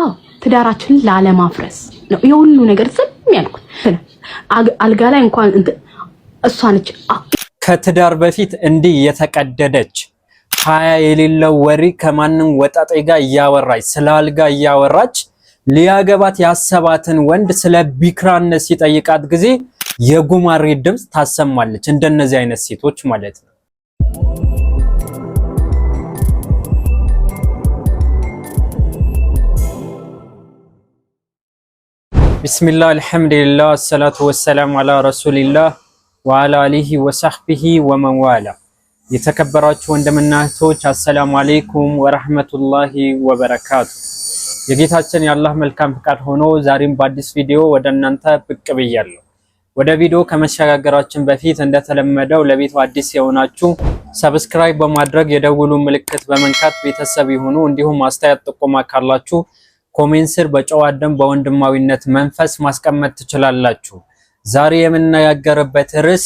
አዎ ትዳራችንን ላለማፍረስ ነው የሁሉ ነገር ዝም ያልኩት። አልጋ ላይ እንኳን እሷ ነች ከትዳር በፊት እንዲህ የተቀደደች ሀያ የሌለው ወሬ ከማንም ወጣጤ ጋር እያወራች ስለ አልጋ እያወራች ሊያገባት ያሰባትን ወንድ ስለ ቢክራነት ሲጠይቃት ጊዜ የጉማሬ ድምፅ ታሰማለች። እንደነዚህ አይነት ሴቶች ማለት ነው። ቢስሚላህ አልሐምዱሊላህ አሰላቱ ወሰላም አላ ረሱሊላህ ወአላ አሊሂ ወሳህቢሂ ወመንዋላ። የተከበራችሁ ወንድምና እህቶች አሰላሙ አሌይኩም ወረህመቱላሂ ወበረካቱ። የጌታችን የአላህ መልካም ፍቃድ ሆኖ ዛሬም በአዲስ ቪዲዮ ወደ እናንተ ብቅ ብያለሁ። ወደ ቪዲዮ ከመሸጋገራችን በፊት እንደተለመደው ለቤቱ አዲስ የሆናችሁ ሰብስክራይብ በማድረግ የደውሉ ምልክት በመንካት ቤተሰብ የሆኑ እንዲሁም አስተያየት ጥቆማ ካላችሁ ኮሜንስር ስር በጨዋ ደም በወንድማዊነት መንፈስ ማስቀመጥ ትችላላችሁ። ዛሬ የምንነጋገርበት ርዕስ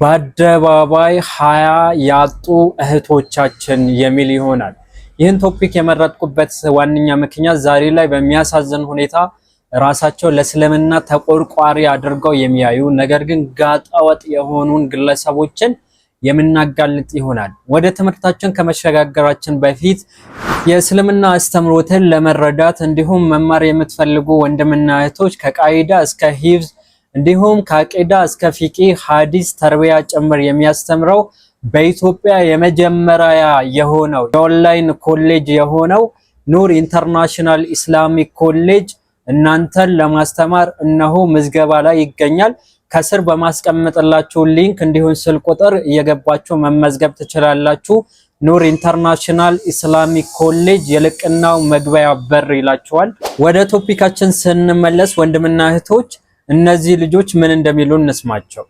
በአደባባይ ሀያ ያጡ እህቶቻችን የሚል ይሆናል። ይህን ቶፒክ የመረጥኩበት ዋነኛ ምክንያት ዛሬ ላይ በሚያሳዝን ሁኔታ ራሳቸው ለእስልምና ተቆርቋሪ አድርገው የሚያዩ ነገር ግን ጋጠወጥ የሆኑን ግለሰቦችን የምናጋልጥ ይሆናል። ወደ ትምህርታችን ከመሸጋገራችን በፊት የእስልምና አስተምሮትን ለመረዳት እንዲሁም መማር የምትፈልጉ ወንድምና እህቶች ከቃይዳ እስከ ሂብዝ እንዲሁም ከአቂዳ እስከ ፊቂ ሀዲስ ተርቢያ ጭምር የሚያስተምረው በኢትዮጵያ የመጀመሪያ የሆነው የኦንላይን ኮሌጅ የሆነው ኑር ኢንተርናሽናል ኢስላሚክ ኮሌጅ እናንተን ለማስተማር እነሆ ምዝገባ ላይ ይገኛል። ከስር በማስቀመጥላችሁ ሊንክ እንዲሁም ስልክ ቁጥር እየገባችሁ መመዝገብ ትችላላችሁ። ኑር ኢንተርናሽናል ኢስላሚክ ኮሌጅ የልቅናው መግቢያ በር ይላችኋል። ወደ ቶፒካችን ስንመለስ ወንድምና እህቶች እነዚህ ልጆች ምን እንደሚሉ እንስማቸው።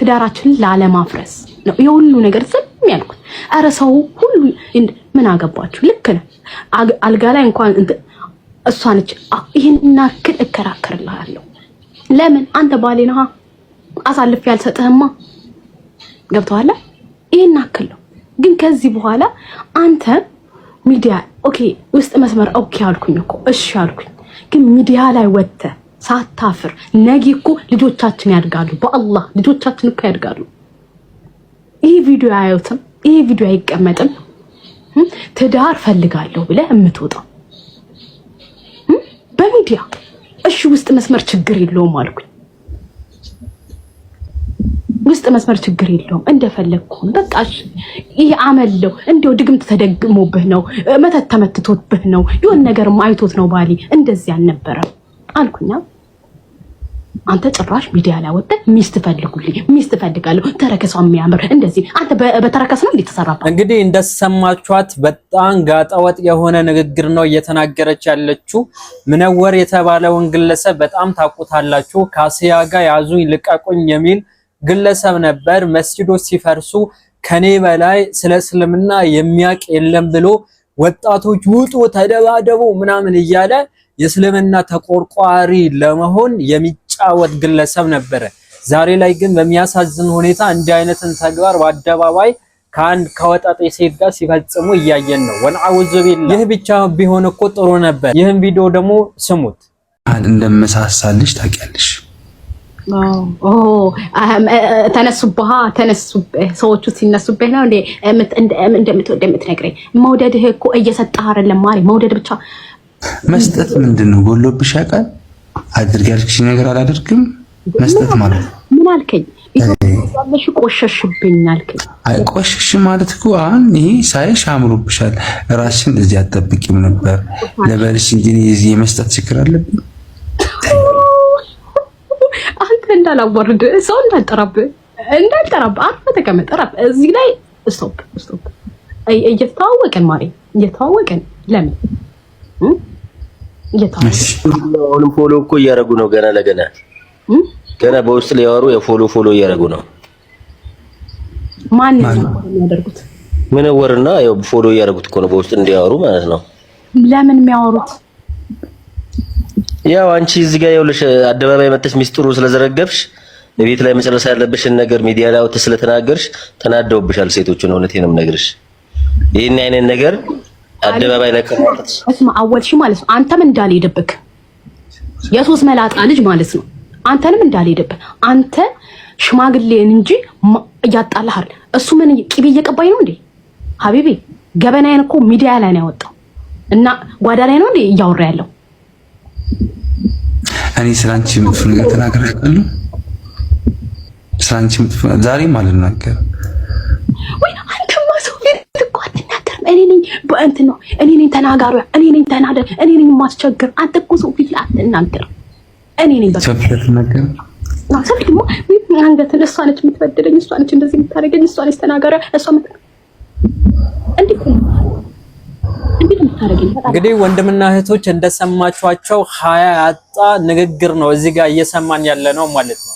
ትዳራችን ላለማፍረስ ነው የሁሉ ነገር ዝም ያልኩት። ኧረ ሰው ሁሉ ምን አገባችሁ? ልክ ነው። አልጋ ላይ እንኳን እሷ ነች። ይህን ያክል እከራከርልሃለሁ ለምን አንተ ባሌ ነህ፣ አሳልፌ ያልሰጥህማ። ገብተዋል። ይሄን አክል ነው። ግን ከዚህ በኋላ አንተ ሚዲያ ኦኬ፣ ውስጥ መስመር ኦኬ አልኩኝ እኮ እሺ አልኩኝ። ግን ሚዲያ ላይ ወጥተህ ሳታፍር ነጊ እኮ ልጆቻችን ያድጋሉ። በአላህ ልጆቻችን እኮ ያድጋሉ። ይህ ቪዲዮ አያዩትም፣ ይህ ቪዲዮ አይቀመጥም። ትዳር ፈልጋለሁ ብለህ የምትወጣው በሚዲያ እሺ ውስጥ መስመር ችግር የለውም አልኩኝ። ውስጥ መስመር ችግር የለውም እንደፈለግኩ ነው። በቃ ይህ አመለው እንዲው ድግምት ተደግሞብህ ነው፣ መተት ተመትቶብህ ነው፣ የሆነ ነገርም አይቶት ነው ባሌ እንደዚህ አልነበረም አልኩኛ። አንተ ጭራሽ ሚዲያ ላይ ወጥተህ ሚስት ፈልጉልኝ፣ ሚስት ፈልጋለሁ፣ ተረከሷ የሚያምር እንደዚህ። አንተ በተረከስ ነው እንደተሰራባት። እንግዲህ እንደሰማችኋት በጣም ጋጠወጥ የሆነ ንግግር ነው እየተናገረች ያለችው። ምነወር የተባለውን ግለሰብ በጣም ታውቁታላችሁ። ከአስያ ጋር ያዙኝ ልቀቁኝ የሚል ግለሰብ ነበር። መስጂዶች ሲፈርሱ ከኔ በላይ ስለ እስልምና የሚያውቅ የለም ብሎ ወጣቶች ውጡ፣ ተደባደቡ ምናምን እያለ የእስልምና ተቆርቋሪ ለመሆን የሚ የሚጫወት ግለሰብ ነበረ። ዛሬ ላይ ግን በሚያሳዝን ሁኔታ እንዲህ አይነትን ተግባር በአደባባይ ከአንድ ከወጣጤ ሴት ጋር ሲፈጽሙ እያየን ነው። ወንአውዙ ቢላ። ይህ ብቻ ቢሆን እኮ ጥሩ ነበር። ይህን ቪዲዮ ደግሞ ስሙት። እንደመሳሳልሽ ታውቂያለሽ። ተነሱብህ ተነሱብህ፣ ሰዎቹ ሲነሱብህ ነው እንደምትወድ የምትነግረኝ። መውደድህ እኮ እየሰጠህ አይደለም ማሪ። መውደድ ብቻ መስጠት ምንድን ነው? ጎሎብሽ ያውቃል አድርግ ያልክሽኝ ነገር አላደርግም መስጠት ማለት ነው። ምን አልከኝ? ያለሽ ቆሸሽብኝ አልከኝ። ቆሸሽ ማለት እኮ አሁን ይሄ ሳይሽ አምሮብሻል፣ ራስሽን እዚህ አጠብቂም ነበር ለበልሽ እንጂ እዚህ የመስጠት ችግር አለብኝ። አንተ እንዳላወርድ ሰው እንዳልጠራብህ እንዳልጠራብህ አርፈ ተቀመጥ። እዚህ ላይ ስቶፕ ስቶፕ። እየተዋወቅን ማሪ እየተዋወቅን ለምን አሁንም ፎሎ እኮ እያደረጉ ነው። ገና ለገና ገና በውስጥ ሊያወሩ የፎሎ ፎሎ እያደረጉ ነው። ማን ነው የሚያደርጉት? መነወርና ያው ፎሎ እያደረጉት እኮ ነው፣ በውስጥ እንዲያወሩ ማለት ነው። ለምን የሚያወሩት? ያው አንቺ እዚህ ጋር ይኸውልሽ፣ አደባባይ መጥተሽ ሚስጥሩ ስለዘረገፍሽ ቤት ላይ መጨረስ ያለብሽን ነገር ሚዲያ ላይ አውጥተሽ ስለተናገርሽ ተናደውብሻል ሴቶቹን። እውነቴን ነው የምነግርሽ ይህን አይነት ነገር አደባባይ ላይ ከመጣች እስማ አወልሽ ማለት ነው። አንተም እንዳልሄድብህ የሶስት መላጣ ልጅ ማለት ነው። አንተንም እንዳልሄድብህ አንተ ሽማግሌን እንጂ እያጣላሃል። እሱ ምን ቂቤ እየቀባኝ ነው እንዴ? ሀቢቢ ገበናዬን እኮ ሚዲያ ላይ ነው ያወጣው እና ጓዳ ላይ ነው እንዴ እያወራ ያለው? እኔ ስላንቺ መጥፎ ነገር ተናግሬ አውቃለሁ? ስላንቺ መጥፎ ዛሬም አልናገርም ወይ እኔ ነኝ በእንት ነው እኔ ነኝ ተናጋሪ፣ እኔ ነኝ ተናደ፣ እኔ ነኝ የማስቸግር። አንተ እኮ ሰው ፊት ላይ እኔ ነኝ በቃ ሰው ደግሞ አንገትን እሷ ነች የምትበድለኝ፣ እሷ ነች እንደዚህ የምታደርገኝ፣ እሷ ነች ተናጋሪ፣ እሷ እንዴት ነው እንግዲህ ወንድምና እህቶች እንደሰማችኋቸው ሀያ ያጣ ንግግር ነው እዚህ ጋር እየሰማን ያለ ነው ማለት ነው።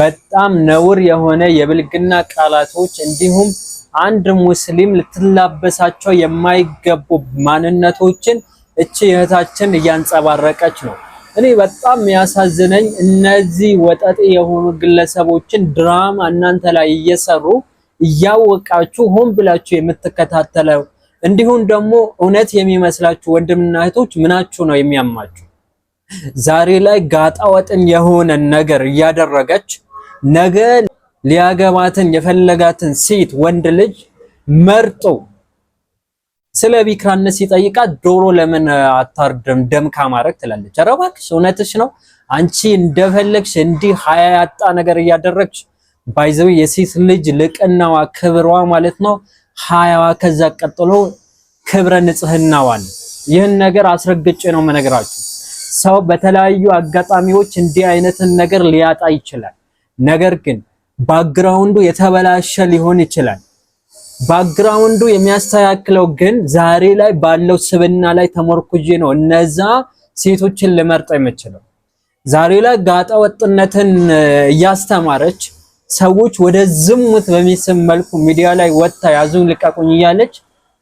በጣም ነውር የሆነ የብልግና ቃላቶች እንዲሁም አንድ ሙስሊም ልትላበሳቸው የማይገቡ ማንነቶችን እቺ እህታችን እያንጸባረቀች ነው። እኔ በጣም ያሳዝነኝ እነዚህ ወጠጤ የሆኑ ግለሰቦችን ድራማ እናንተ ላይ እየሰሩ እያወቃችሁ ሆን ብላችሁ የምትከታተለው እንዲሁም ደግሞ እውነት የሚመስላችሁ ወንድምና እህቶች ምናችሁ ነው የሚያማችሁ? ዛሬ ላይ ጋጣ ወጥን የሆነ ነገር እያደረገች ነገ ሊያገባትን የፈለጋትን ሴት ወንድ ልጅ መርጦ ስለ ቢክራነት ሲጠይቃት ዶሮ ለምን አታርደም ደም ካማረግ ትላለች። ኧረ እባክሽ እውነትሽ ነው። አንቺ እንደፈለግሽ እንዲህ ሀያ ያጣ ነገር እያደረግሽ ባይዘው የሴት ልጅ ልቅናዋ ክብሯ ማለት ነው ሀያዋ ከዛ ቀጥሎ ክብረ ንጽህናዋን ይህን ነገር አስረግጬ ነው መነግራችሁ። ሰው በተለያዩ አጋጣሚዎች እንዲህ አይነትን ነገር ሊያጣ ይችላል። ነገር ግን ባክግራውንዱ የተበላሸ ሊሆን ይችላል። ባክግራውንዱ የሚያስተካክለው ግን ዛሬ ላይ ባለው ስብና ላይ ተሞርኩጄ ነው እነዛ ሴቶችን ልመርጥ የምችለው። ዛሬ ላይ ጋጠ ወጥነትን እያስተማረች ሰዎች ወደ ዝሙት በሚስም መልኩ ሚዲያ ላይ ወጥታ ያዙን ልቀቁኝ እያለች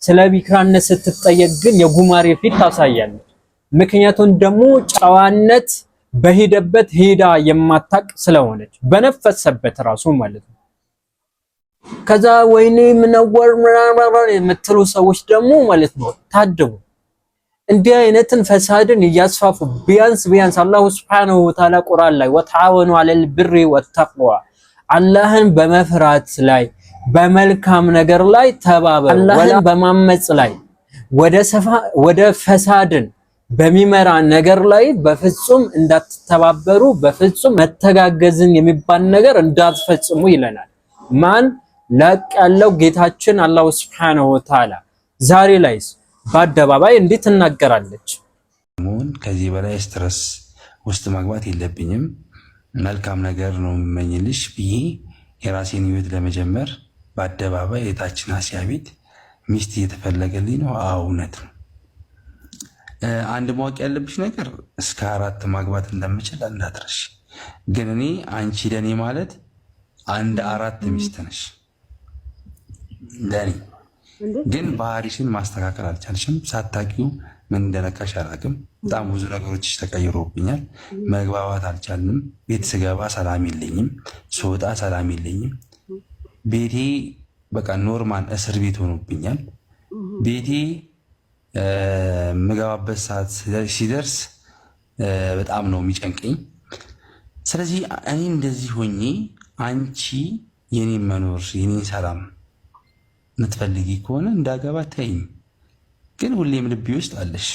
ስለ ቢክራነት ስትጠየቅ ግን የጉማሬ ፊት ታሳያለች። ምክንያቱም ደግሞ ጨዋነት በሄደበት ሄዳ የማታቅ ስለሆነች በነፈሰበት ራሱ ማለት ነው። ከዛ ወይኔ ምነወር ምናምን የምትሉ ሰዎች ደግሞ ማለት ነው ታድቡ። እንዲህ አይነትን ፈሳድን እያስፋፉ ቢያንስ ቢያንስ አላሁ ሱብሓነሁ ወተዓላ ቁርአን ላይ ወተዓወኑ አለል ብሪ ወተቅዋ አላህን በመፍራት ላይ በመልካም ነገር ላይ ተባበሩ፣ አላህን በማመጽ ላይ ወደ ፈሳድን በሚመራ ነገር ላይ በፍጹም እንዳትተባበሩ በፍጹም መተጋገዝን የሚባል ነገር እንዳትፈጽሙ ይለናል። ማን ላቅ ያለው ጌታችን አላሁ ሱብሓነሁ ወተዓላ ዛሬ ላይስ በአደባባይ እንዲህ ትናገራለች። ከዚህ በላይ ስትረስ ውስጥ መግባት የለብኝም መልካም ነገር ነው የምመኝልሽ ብዬ የራሴን ህይወት ለመጀመር በአደባባይ የታችን አስያ ቤት ሚስት እየተፈለገልኝ ነው። እውነት ነው አንድ ማወቅ ያለብሽ ነገር እስከ አራት ማግባት እንደምችል እንዳትረሽ። ግን እኔ አንቺ ለእኔ ማለት አንድ አራት ሚስት ነሽ ለእኔ። ግን ባህሪሽን ማስተካከል አልቻልሽም። ሳታቂው ምን እንደነካሽ አላውቅም። በጣም ብዙ ነገሮች ተቀይሮብኛል። መግባባት አልቻልንም። ቤት ስገባ ሰላም የለኝም፣ ስወጣ ሰላም የለኝም። ቤቴ በቃ ኖርማል እስር ቤት ሆኖብኛል ቤቴ የምገባበት ሰዓት ሲደርስ በጣም ነው የሚጨንቀኝ። ስለዚህ እኔ እንደዚህ ሆኜ አንቺ የኔን መኖር የኔን ሰላም የምትፈልጊ ከሆነ እንዳገባ ተይኝ። ግን ሁሌም ልቤ ውስጥ አለሽ።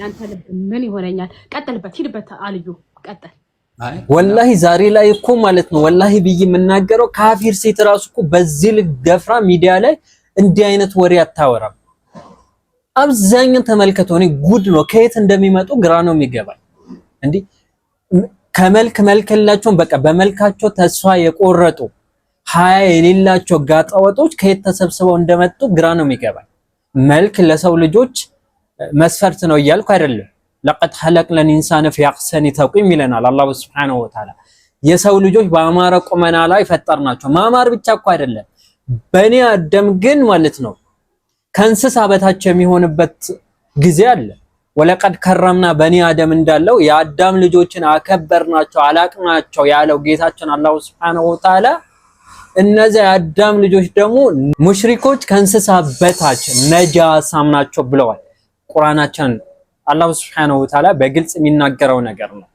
ያንተ ልብ ምን ይሆነኛል? ቀጥልበት፣ ሂድበት። አልዩ ቀጥል። ወላሂ ዛሬ ላይ እኮ ማለት ነው ወላሂ ብዬ የምናገረው ካፊር ሴት እራሱ እኮ በዚህ ልክ ደፍራ ሚዲያ ላይ እንዲህ አይነት ወሬ አታወራም። አብዛኛው ተመልከተው። እኔ ጉድ ነው ከየት እንደሚመጡ ግራ ነው የሚገባል። እንዲህ ከመልክ መልክ በቃ በመልካቸው ተስፋ የቆረጡ ሀያ የሌላቸው ጋጠወጦች ከየት ተሰብስበው እንደመጡ ግራ ነው የሚገባል። መልክ ለሰው ልጆች መስፈርት ነው እያልኩ አይደለም። ለቀድ ኸለቅነል ኢንሳነ ፊ አሕሰኒ ተቅዊም ይለናል አላህ ሱብሓነሁ ወተዓላ። የሰው ልጆች በአማረ ቁመና ላይ ፈጠርናቸው። ማማር ብቻ እኮ አይደለም በኔ አደም ግን ማለት ነው ከእንስሳ በታች የሚሆንበት ጊዜ አለ። ወለቀድ ከረምና በኔ አደም እንዳለው የአዳም ልጆችን አከበርናቸው አላቅናቸው ያለው ጌታችን አላሁ ሱብሓነሁ ወተዓላ፣ እነዚያ የአዳም ልጆች ደግሞ ሙሽሪኮች ከእንስሳ በታች ነጃሳም ናቸው ብለዋል። ቁርአናችን አላሁ ሱብሓነሁ ወተዓላ በግልጽ የሚናገረው ነገር ነው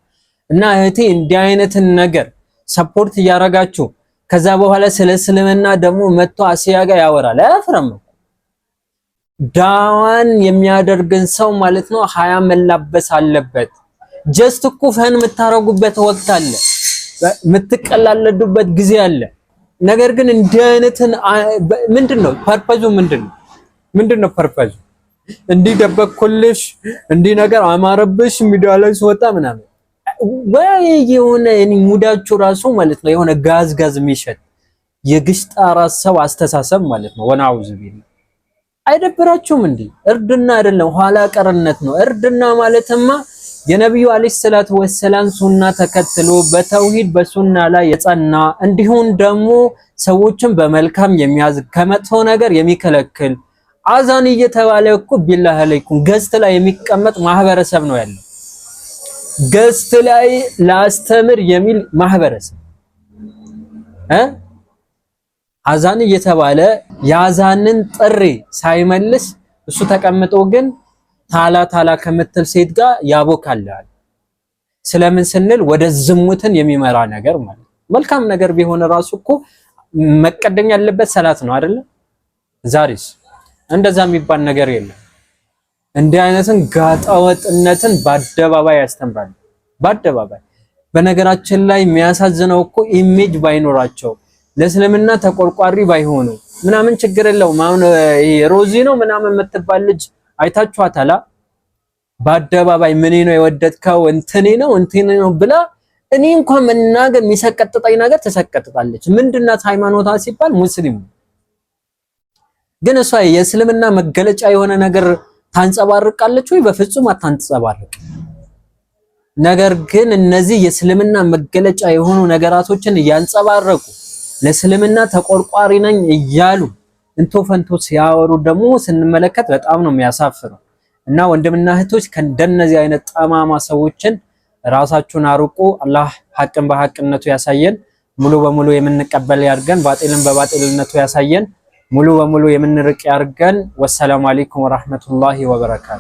እና እህቴ እንዲህ አይነትን ነገር ሰፖርት እያረጋችሁ ከዛ በኋላ ስለ እስልምና ደግሞ መጥቶ አሲያ ጋር ያወራል። አያፍርም። ዳዋን የሚያደርግን ሰው ማለት ነው ሀያ መላበስ አለበት። ጀስት እኮ ፈን የምታረጉበት ወቅት አለ፣ የምትቀላለዱበት ጊዜ አለ። ነገር ግን እንዲህ አይነትን ምንድን ነው ፐርፐዙ? ምንድን ነው ምንድን ነው ፐርፐዙ? እንዲህ ደበቅኩልሽ፣ እንዲህ ነገር አማረብሽ፣ ሚዲያ ላይ ስወጣ ምናምን ወይ የሆነ ሙዳቹ ራሱ ማለት ነው የሆነ ጋዝ ጋዝ የሚሸጥ የግሽጣ ራስ ሰው አስተሳሰብ ማለት ነው። ወናውዝ ቢል አይደብራችሁም እንዴ? እርድና አይደለም ኋላ ቀርነት ነው። እርድና ማለትማ የነቢዩ አለይሂ ሰላቱ ወሰላም ሱና ተከትሎ በተውሂድ በሱና ላይ የጸና እንዲሁም ደግሞ ሰዎችን በመልካም የሚያዝ ከመጥፎ ነገር የሚከለክል አዛን እየተባለ እኮ ቢላህ አለይኩም ገዝት ላይ የሚቀመጥ ማህበረሰብ ነው ያለው። ገስት ላይ ላስተምር የሚል ማህበረሰብ እ አዛን እየተባለ የአዛንን ጥሪ ሳይመልስ እሱ ተቀምጦ ግን ታላ ታላ ከምትል ሴት ጋር ያቦካልሃል። ስለምን ስንል ወደ ዝሙትን የሚመራ ነገር ማለት መልካም ነገር ቢሆን ራሱ እኮ መቀደም ያለበት ሰላት ነው አይደለ? ዛሬስ እንደዛ የሚባል ነገር የለም። እንዲህ አይነትን ጋጠወጥነትን በአደባባይ ያስተምራል በአደባባይ በነገራችን ላይ የሚያሳዝነው እኮ ኢሜጅ ባይኖራቸው ለእስልምና ተቆርቋሪ ባይሆኑ ምናምን ችግር የለውም። አሁን ሮዚ ነው ምናምን የምትባል ልጅ አይታችኋታላ? በአደባባይ ምኔ ነው የወደድከው እንትኔ ነው እንትኔ ነው ብላ እኔ እንኳን መናገር የሚሰቀጥጠኝ ነገር ተሰቀጥጣለች። ምንድናት ሃይማኖታ ሲባል ሙስሊም ግን እሷ የእስልምና መገለጫ የሆነ ነገር ታንጸባርቃለች ወይ? በፍጹም አታንጸባርቅ። ነገር ግን እነዚህ የእስልምና መገለጫ የሆኑ ነገራቶችን እያንጸባረቁ ለእስልምና ተቆርቋሪ ነኝ እያሉ እንቶ ፈንቶ ሲያወሩ ደግሞ ስንመለከት በጣም ነው የሚያሳፍረው እና ወንድምና እህቶች ከእንደነዚህ አይነት ጠማማ ሰዎችን ራሳችሁን አርቁ። አላህ ሐቅን በሐቅነቱ ያሳየን፣ ሙሉ በሙሉ የምንቀበል ያድርገን፣ ባጢልን በባጢልነቱ ያሳየን። ሙሉ በሙሉ የምንርቅ ያድርገን። ወሰላሙ አሌይኩም ወራህመቱላሂ ወበረካቱ።